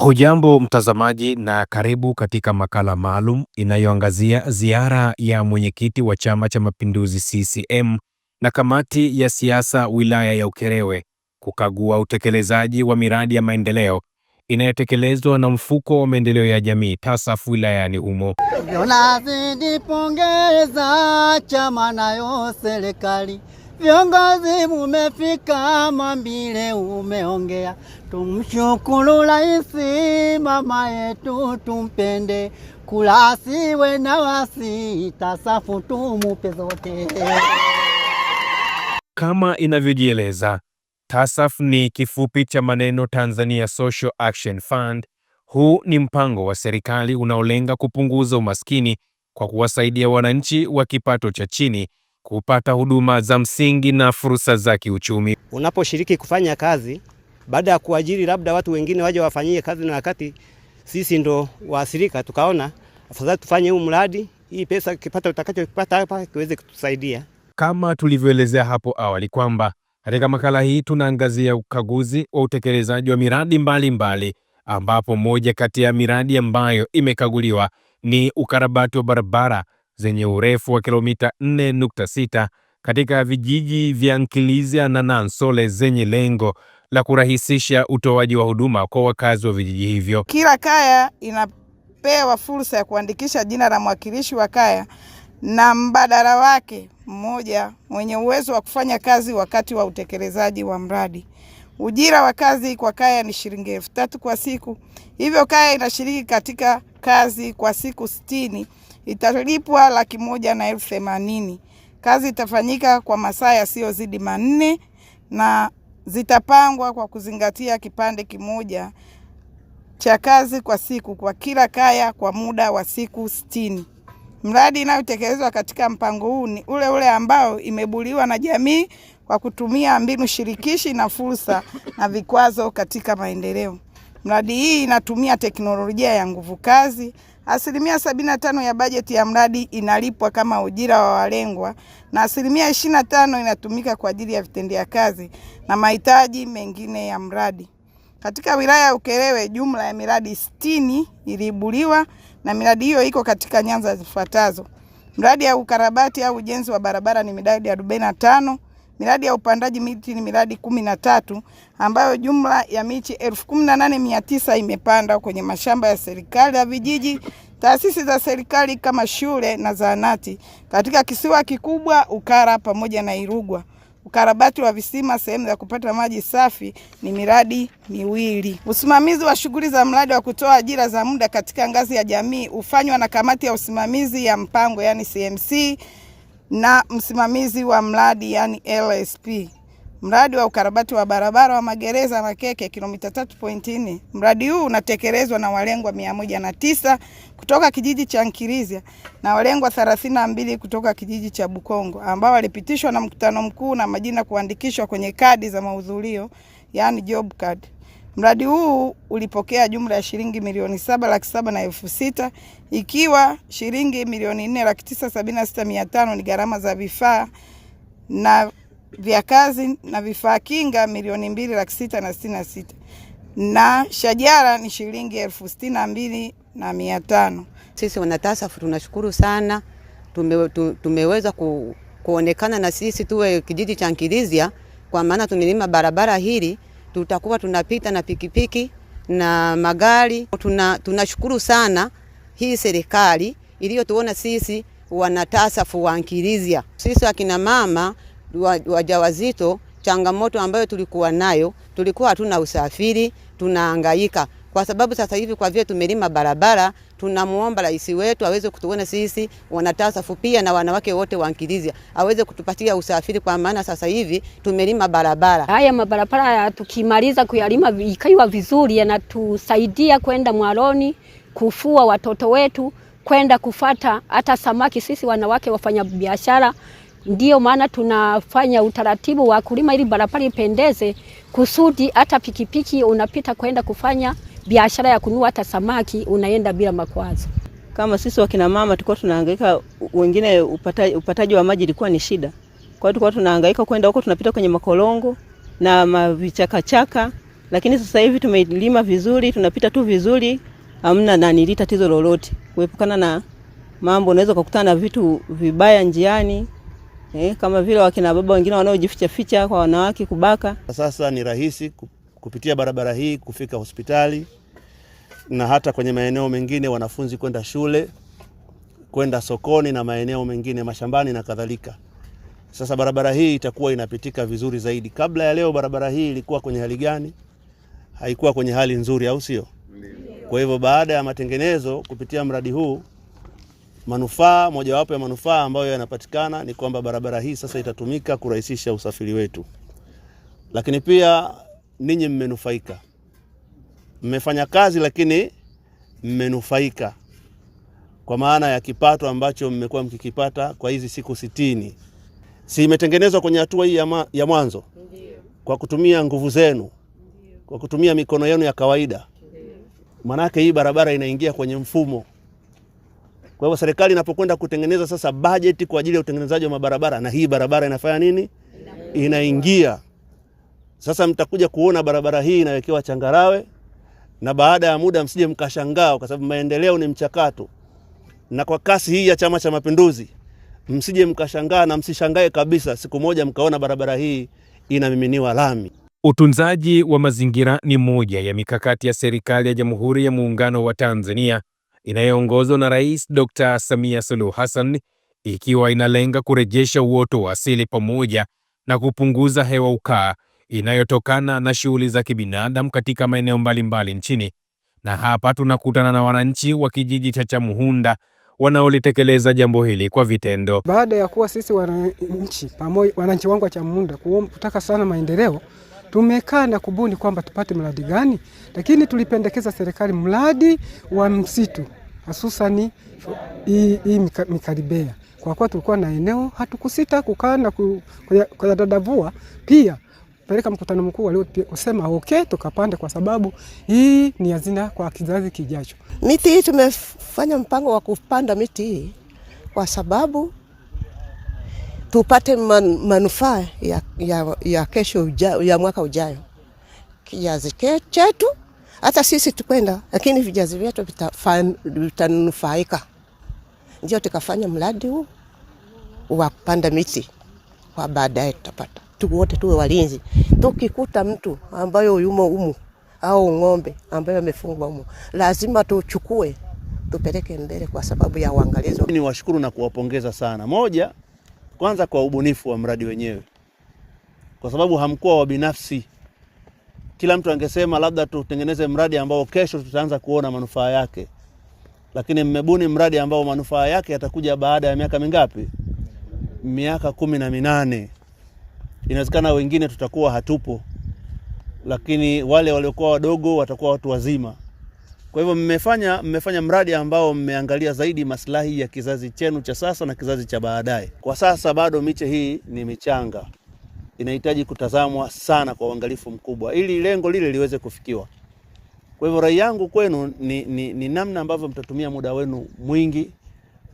Hujambo mtazamaji, na karibu katika makala maalum inayoangazia ziara ya mwenyekiti wa Chama cha Mapinduzi CCM na kamati ya siasa wilaya ya Ukerewe kukagua utekelezaji wa miradi ya maendeleo inayotekelezwa na mfuko wa maendeleo ya jamii TASAF wilayani humo. Nazidi pongeza chama nayo serikali, viongozi mumefika, mambile umeongea Tumshukuru Raisi mama yetu, tumpende kulasiwe na wasi tasafu, tumupe zote. Kama inavyojieleza TASAF ni kifupi cha maneno Tanzania Social Action Fund. Huu ni mpango wa serikali unaolenga kupunguza umaskini kwa kuwasaidia wananchi wa kipato cha chini kupata huduma za msingi na fursa za kiuchumi. Unaposhiriki kufanya kazi baada ya kuajiri labda watu wengine waje wafanyie kazi, na wakati sisi ndo waathirika, tukaona afadhali tufanye huu mradi, hii pesa kipato utakachopata hapa kiweze kutusaidia. Kama tulivyoelezea hapo awali kwamba katika makala hii tunaangazia ukaguzi wa utekelezaji wa miradi mbalimbali mbali, ambapo moja kati ya miradi ambayo imekaguliwa ni ukarabati wa barabara zenye urefu wa kilomita 4.6 katika vijiji vya Nkilizia na Nansole zenye lengo la kurahisisha utoaji wa huduma kwa wakazi wa vijiji hivyo. Kila kaya inapewa fursa ya kuandikisha jina la mwakilishi wa kaya na mbadala wake mmoja mwenye uwezo wa kufanya kazi wakati wa utekelezaji wa mradi. Ujira wa kazi kwa kaya ni shilingi elfu tatu kwa siku, hivyo kaya inashiriki katika kazi kwa siku sitini italipwa laki moja na elfu themanini. Kazi itafanyika kwa masaa yasiyozidi manne na zitapangwa kwa kuzingatia kipande kimoja cha kazi kwa siku kwa kila kaya kwa muda wa siku sitini. Mradi inayotekelezwa katika mpango huu ni ule ule ambao imebuliwa na jamii kwa kutumia mbinu shirikishi na fursa na vikwazo katika maendeleo. Mradi hii inatumia teknolojia ya nguvu kazi Asilimia sabini na tano ya bajeti ya mradi inalipwa kama ujira wa walengwa na asilimia ishirini na tano inatumika kwa ajili ya vitendea kazi na mahitaji mengine ya mradi. Katika wilaya ya Ukerewe jumla ya miradi sitini iliibuliwa na miradi hiyo iko katika nyanza zifuatazo: mradi ya ukarabati au ujenzi wa barabara ni miradi arobaini na tano Miradi ya upandaji miti ni miradi kumi na tatu ambayo jumla ya michi elfu kumi na nane mia tisa imepandwa kwenye mashamba ya serikali ya vijiji, taasisi za serikali kama shule na zahanati katika kisiwa kikubwa Ukara pamoja na Irugwa. Ukarabati wa visima sehemu za kupata maji safi ni miradi miwili. Usimamizi wa shughuli za mradi wa kutoa ajira za muda katika ngazi ya jamii hufanywa na kamati ya usimamizi ya mpango, yani CMC na msimamizi wa mradi yani LSP mradi wa ukarabati wa barabara wa magereza Makeke kilomita 3.4. Mradi huu unatekelezwa na walengwa mia na tisa kutoka kijiji cha Nkirizia na walengwa 32 mbili kutoka kijiji cha Bukongo ambao walipitishwa na mkutano mkuu na majina kuandikishwa kwenye kadi za mahudhurio yani job card. Mradi huu ulipokea jumla ya shilingi milioni saba laki saba na elfu sita ikiwa shilingi milioni nne laki tisa sabini na sita mia tano ni gharama za vifaa na vya kazi na vifaa kinga milioni mbili laki sita na sitini na sita na shajara ni shilingi elfu sitini na mbili na mia tano. Sisi wanatasafu tunashukuru sana, tume, tumeweza ku, kuonekana na sisi tuwe kijiji cha nkilizia kwa maana tumelima barabara hili tutakuwa tunapita na pikipiki na magari. Tunashukuru tuna sana hii serikali iliyotuona sisi wanatasafu wankilizia sisi akina mama wajawazito changamoto ambayo tulikuwa nayo, tulikuwa hatuna usafiri, tunahangaika kwa sababu sasa hivi kwa vile tumelima barabara, tunamuomba rais wetu aweze kutuona sisi wanatasa pia na wanawake wote wa wankilizia, aweze kutupatia usafiri, kwa maana sasa hivi tumelima barabara. Haya mabarabara tukimaliza kuyalima ikaiwa vizuri, yanatusaidia kwenda mwaloni kufua watoto wetu, kwenda kufata hata samaki. Sisi wanawake wafanya biashara ndio maana tunafanya utaratibu wa kulima ili barabara ipendeze, kusudi hata pikipiki unapita kwenda kufanya biashara ya kunua hata samaki unaenda bila makwazo. Kama sisi wakina mama tulikuwa tunahangaika, wengine upataji, upataji wa maji ilikuwa ni shida, kwa hiyo tulikuwa tunahangaika kwenda huko, tunapita kwenye makorongo na mavichakachaka, lakini sasa hivi tumelima vizuri, tunapita tu vizuri, hamna nanili tatizo lolote kuepukana na mambo. Unaweza kukutana na vitu vibaya njiani eh, kama vile wakina baba wengine wanaojificha ficha kwa wanawake kubaka. Sasa ni rahisi kupitia barabara hii kufika hospitali na hata kwenye maeneo mengine, wanafunzi kwenda shule, kwenda sokoni na maeneo mengine, mashambani na kadhalika. Sasa barabara hii itakuwa inapitika vizuri zaidi. Kabla ya leo, barabara hii ilikuwa kwenye hali gani? Haikuwa kwenye hali nzuri, au sio? Kwa hivyo baada ya matengenezo kupitia mradi huu, manufaa mojawapo ya manufaa ambayo yanapatikana ni kwamba barabara hii sasa itatumika kurahisisha usafiri wetu, lakini pia ninyi mmenufaika, mmefanya kazi lakini mmenufaika kwa maana ya kipato ambacho mmekuwa mkikipata kwa hizi siku sitini. Si imetengenezwa kwenye hatua hii ya mwanzo kwa kutumia nguvu zenu, kwa kutumia mikono yenu ya kawaida. Maanake hii barabara inaingia kwenye mfumo. Kwa hivyo serikali inapokwenda kutengeneza sasa bajeti kwa ajili ya utengenezaji wa mabarabara, na hii barabara inafanya nini? Inaingia sasa mtakuja kuona barabara hii inawekewa changarawe, na baada ya muda msije mkashangaa, kwa sababu maendeleo ni mchakato, na kwa kasi hii ya Chama cha Mapinduzi msije mkashangaa na msishangae kabisa siku moja mkaona barabara hii inamiminiwa lami. Utunzaji wa mazingira ni moja ya mikakati ya serikali ya Jamhuri ya Muungano wa Tanzania inayoongozwa na Rais Dr. Samia Suluhu Hassan ikiwa inalenga kurejesha uoto wa asili pamoja na kupunguza hewa ukaa inayotokana na shughuli za kibinadamu katika maeneo mbalimbali nchini, na hapa tunakutana na wananchi wa kijiji cha Chamuhunda wanaolitekeleza jambo hili kwa vitendo. Baada ya kuwa sisi wananchi pamoja, wananchi wangu wa Chamuhunda kutaka sana maendeleo, tumekaa na kubuni kwamba tupate mradi gani, lakini tulipendekeza serikali mradi wa msitu hususani hii mikaribea, kwa kuwa tulikuwa na eneo, hatukusita kukaa na kuyadadavua pia kupeleka mkutano mkuu waliosema okay, tukapanda kwa sababu hii ni hazina kwa kizazi kijacho. Miti hii tumefanya mpango wa kupanda miti hii kwa sababu tupate man, manufaa ya, ya, ya kesho uja, ya mwaka ujayo kizazi chetu, hata sisi tukwenda, lakini vijazi vyetu vitanufaika. Ndio tukafanya mradi huu wa kupanda miti kwa baadaye tutapata watu wote tuwe walinzi. Tukikuta mtu ambayo yumo umu au ng'ombe ambayo amefungwa umu, lazima tuchukue tupeleke mbele kwa sababu ya uangalizi. Ni washukuru na kuwapongeza sana. Moja, kwanza kwa ubunifu wa mradi wenyewe, kwa sababu hamkuwa wa binafsi. Kila mtu angesema labda tutengeneze mradi ambao kesho tutaanza kuona manufaa yake, lakini mmebuni mradi ambao manufaa yake yatakuja baada ya miaka mingapi? Miaka kumi na minane inawezekana wengine tutakuwa hatupo, lakini wale waliokuwa wadogo watakuwa watu wazima. Kwa hivyo mmefanya mmefanya mradi ambao mmeangalia zaidi maslahi ya kizazi chenu cha sasa na kizazi cha baadaye. Kwa sasa bado miche hii ni michanga, inahitaji kutazamwa sana kwa uangalifu mkubwa ili lengo lile liweze kufikiwa. Kwa hivyo rai yangu kwenu ni, ni, ni namna ambavyo mtatumia muda wenu mwingi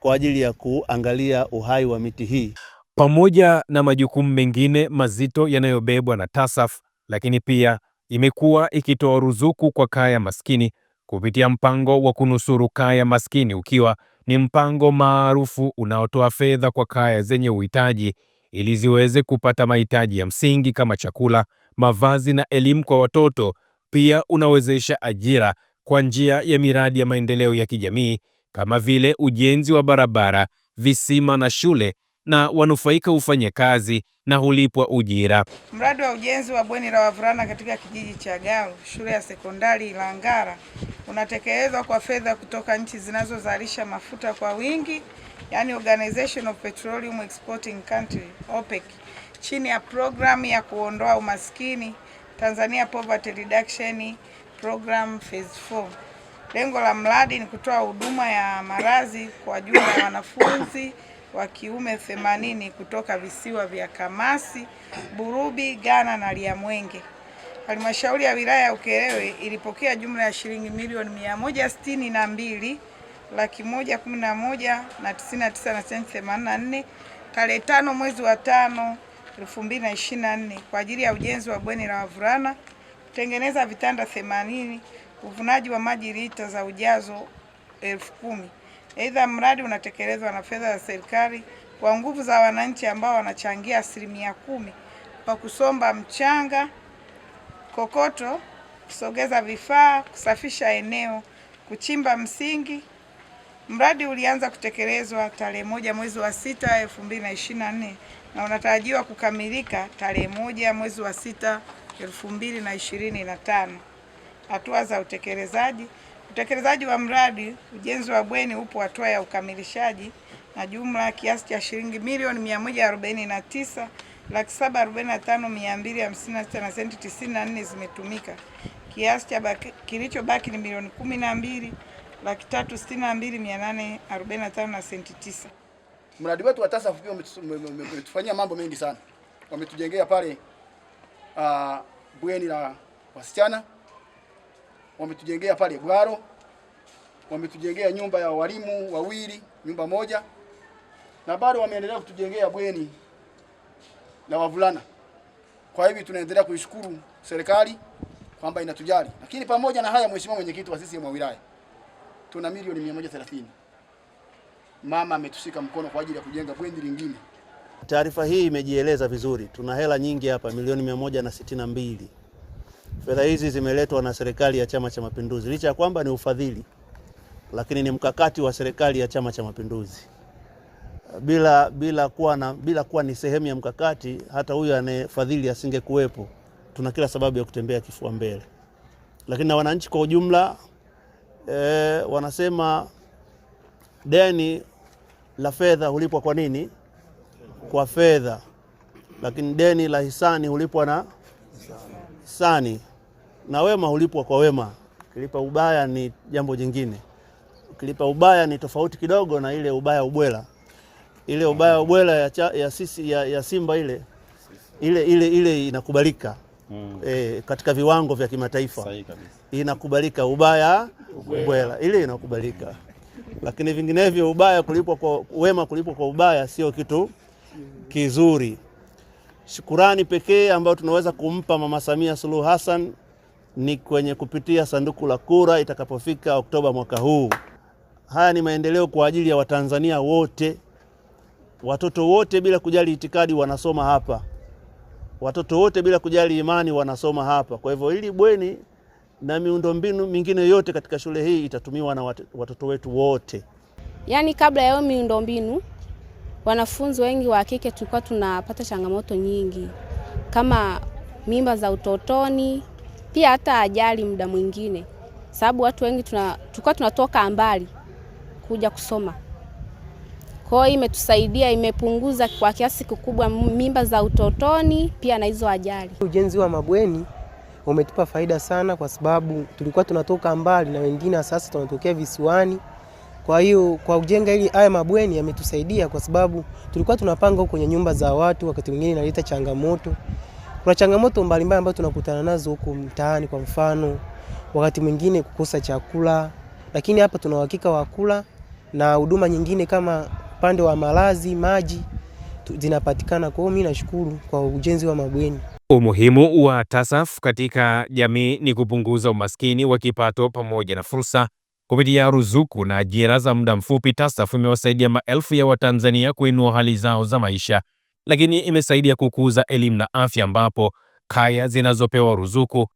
kwa ajili ya kuangalia uhai wa miti hii pamoja na majukumu mengine mazito yanayobebwa na TASAF, lakini pia imekuwa ikitoa ruzuku kwa kaya maskini kupitia mpango wa kunusuru kaya maskini, ukiwa ni mpango maarufu unaotoa fedha kwa kaya zenye uhitaji ili ziweze kupata mahitaji ya msingi kama chakula, mavazi na elimu kwa watoto. Pia unawezesha ajira kwa njia ya miradi ya maendeleo ya kijamii kama vile ujenzi wa barabara, visima na shule na wanufaika hufanya kazi na hulipwa ujira. Mradi wa ujenzi wa bweni la wavulana katika kijiji cha Galu, shule ya sekondari Ilangara, unatekelezwa kwa fedha kutoka nchi zinazozalisha mafuta kwa wingi, yani Organization of Petroleum Exporting Country, OPEC, chini ya programu ya kuondoa umaskini Tanzania Poverty Reduction Program Phase 4. Lengo la mradi ni kutoa huduma ya malazi kwa jumla ya wanafunzi wa kiume 80 kutoka visiwa vya Kamasi, Burubi, Ghana na Liamwenge. Halmashauri ya wilaya ya Ukerewe ilipokea jumla ya shilingi milioni mia moja sitini na mbili laki moja kumi na moja na tisini na tisa na senti themanini na nne tarehe tano mwezi wa tano elfu mbili na ishirini na nne kwa ajili ya ujenzi wa bweni la wavulana, kutengeneza vitanda themanini, uvunaji wa maji lita za ujazo elfu kumi Aidha, mradi unatekelezwa na fedha za serikali kwa nguvu za wananchi ambao wanachangia asilimia kumi kwa kusomba mchanga, kokoto, kusogeza vifaa, kusafisha eneo, kuchimba msingi. Mradi ulianza kutekelezwa tarehe moja mwezi wa sita elfu mbili na ishirini na nne na unatarajiwa kukamilika tarehe moja mwezi wa sita elfu mbili na ishirini na tano. Hatua za utekelezaji Utekelezaji wa mradi ujenzi wa bweni upo hatua ya ukamilishaji na jumla kiasi cha shilingi milioni 149 laki saba na senti zimetumika. Kiasi cha kilichobaki ni milioni 12 laki tatu na senti Mradi wetu wa TASAF umetufanyia mambo mengi sana, wametujengea pale uh, bweni la wasichana wametujengea pale Gwaro, wametujengea nyumba ya walimu wawili, nyumba moja, na bado wameendelea kutujengea bweni la wavulana. Kwa hivi tunaendelea kuishukuru serikali kwamba inatujali. Lakini pamoja na haya, mheshimiwa mwenyekiti wa sisi wa wilaya, tuna milioni 130 mama ametushika mkono kwa ajili ya kujenga bweni lingine. Taarifa hii imejieleza vizuri, tuna hela nyingi hapa, milioni 162. Fedha hizi zimeletwa na serikali ya Chama cha Mapinduzi, licha ya kwamba ni ufadhili, lakini ni mkakati wa serikali ya Chama cha Mapinduzi. Bila, bila, kuwa na, bila kuwa ni sehemu ya mkakati, hata huyu anayefadhili asingekuwepo. Tuna kila sababu ya kutembea kifua mbele, lakini na wananchi kwa ujumla e, wanasema deni la fedha hulipwa kwa nini? Kwa fedha. Lakini deni la hisani hulipwa na sani na wema hulipwa kwa wema. Ukilipa ubaya ni jambo jingine. Ukilipa ubaya ni tofauti kidogo na ile ubaya ubwela, ile ubaya ubwela ya, cha, ya, sisi, ya, ya Simba ile ile, ile, ile inakubalika mm. E, katika viwango vya kimataifa inakubalika ubaya ubwela ile inakubalika, lakini vinginevyo ubaya kulipwa kwa wema, kulipwa kwa ubaya sio kitu kizuri. Shukurani pekee ambayo tunaweza kumpa Mama Samia Suluhu Hassan ni kwenye kupitia sanduku la kura itakapofika Oktoba mwaka huu. Haya ni maendeleo kwa ajili ya Watanzania wote. Watoto wote bila kujali itikadi wanasoma hapa, watoto wote bila kujali imani wanasoma hapa. Kwa hivyo hili bweni na miundombinu mingine yote katika shule hii itatumiwa na watoto wetu wote, yaani kabla ya hiyo miundombinu wanafunzi wengi wa kike tulikuwa tunapata changamoto nyingi kama mimba za utotoni, pia hata ajali muda mwingine, sababu watu wengi tuna, tulikuwa tunatoka mbali kuja kusoma. Kwa hiyo imetusaidia, imepunguza kwa kiasi kikubwa mimba za utotoni pia na hizo ajali. Ujenzi wa mabweni umetupa faida sana, kwa sababu tulikuwa tunatoka mbali na wengine sasa tunatokea visiwani. Kwa hiyo kwa kujenga hili haya mabweni yametusaidia kwa sababu tulikuwa tunapanga huko kwenye nyumba za watu, wakati mwingine inaleta changamoto. Kuna changamoto mbalimbali ambazo tunakutana nazo huko mtaani, kwa mfano wakati mwingine kukosa chakula, lakini hapa tuna uhakika wa kula na huduma nyingine kama upande wa malazi, maji zinapatikana. Kwa hiyo mimi nashukuru kwa ujenzi wa mabweni. Umuhimu wa TASAF katika jamii ni kupunguza umaskini wa kipato pamoja na fursa kupitia ruzuku na ajira za muda mfupi, TASAF imewasaidia maelfu ya Watanzania kuinua hali zao za maisha, lakini imesaidia kukuza elimu na afya, ambapo kaya zinazopewa ruzuku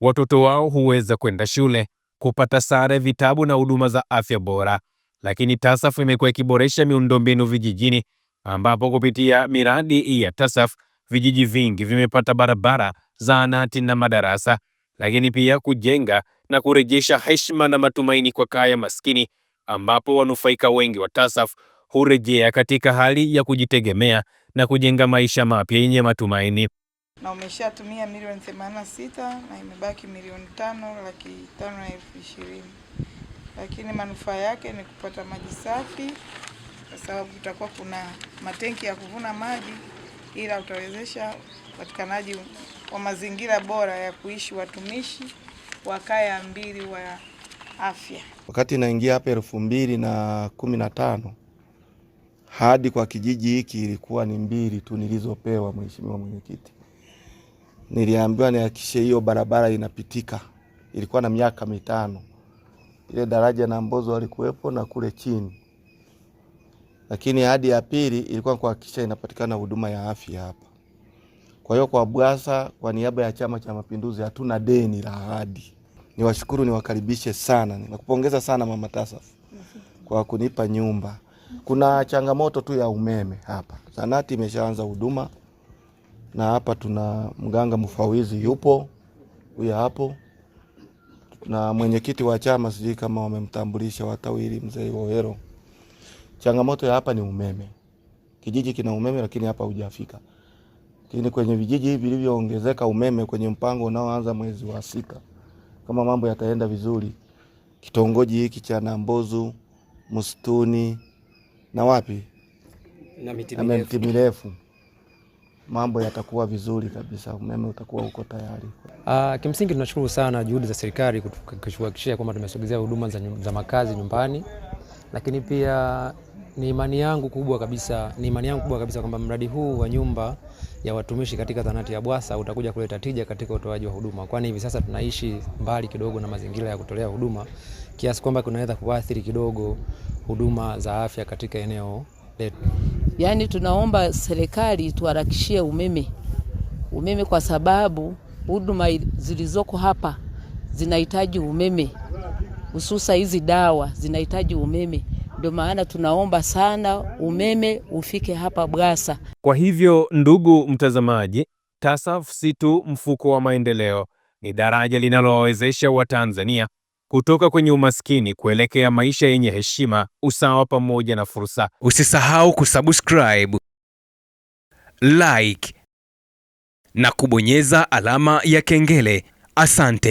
watoto wao huweza kwenda shule, kupata sare, vitabu na huduma za afya bora. Lakini TASAF imekuwa ikiboresha miundombinu vijijini, ambapo kupitia miradi ya TASAF vijiji vingi vimepata barabara, zahanati na madarasa, lakini pia kujenga na kurejesha heshima na matumaini kwa kaya maskini, ambapo wanufaika wengi wa TASAF hurejea katika hali ya kujitegemea na kujenga maisha mapya yenye matumaini. Na umeshatumia milioni 86 na imebaki milioni tano laki tano na elfu ishirini, lakini manufaa yake ni kupata maji safi, kwa sababu kutakuwa kuna matenki ya kuvuna maji, ila utawezesha upatikanaji wa mazingira bora ya kuishi watumishi wa kaya mbili wa afya. Wakati naingia hapa elfu mbili na kumi na tano hadi kwa kijiji hiki ilikuwa ni mbili tu nilizopewa. Mheshimiwa Mwenyekiti, niliambiwa nihakikishe hiyo barabara inapitika. Ilikuwa na miaka mitano, ile daraja na Mbozo walikuwepo na kule chini, lakini hadi ya pili ilikuwa kuhakikisha inapatikana huduma ya afya hapa. Kwa hiyo kwa bwasa kwa niaba ya Chama cha Mapinduzi hatuna deni la ahadi. Niwashukuru, niwakaribishe sana, nakupongeza sana Mama Tasaf kwa kunipa nyumba. Kuna changamoto tu ya umeme hapa, Zanati imeshaanza huduma na hapa tuna mganga mfawizi yupo huyo hapo, na mwenyekiti wa chama, sijui kama wamemtambulisha watawili, mzee Wohero. Changamoto ya hapa ni umeme, kijiji kina umeme lakini hapa hujafika. Lakini kwenye vijiji hivi vilivyoongezeka umeme kwenye mpango unaoanza mwezi wa sita, kama mambo yataenda vizuri, kitongoji hiki cha Nambozu msituni na wapi na miti mirefu mambo yatakuwa vizuri kabisa, umeme utakuwa uko tayari. Uh, kimsingi tunashukuru sana juhudi za serikali kuhakikishia kwamba tumesogezea huduma za, za makazi nyumbani, lakini pia ni imani yangu kubwa kabisa, ni imani yangu kubwa kabisa kwamba mradi huu wa nyumba ya watumishi katika zanati ya Bwasa utakuja kuleta tija katika utoaji wa huduma, kwani hivi sasa tunaishi mbali kidogo na mazingira ya kutolea huduma kiasi kwamba kunaweza kuathiri kidogo huduma za afya katika eneo letu. Yaani, tunaomba serikali tuharakishie umeme, umeme kwa sababu huduma zilizoko hapa zinahitaji umeme, hususa hizi dawa zinahitaji umeme. Ndio maana tunaomba sana umeme ufike hapa Bwasa. Kwa hivyo, ndugu mtazamaji, TASAF si tu mfuko wa maendeleo, ni daraja linalowawezesha Watanzania kutoka kwenye umaskini kuelekea maisha yenye heshima, usawa pamoja na fursa. Usisahau kusubscribe, like na kubonyeza alama ya kengele. Asante.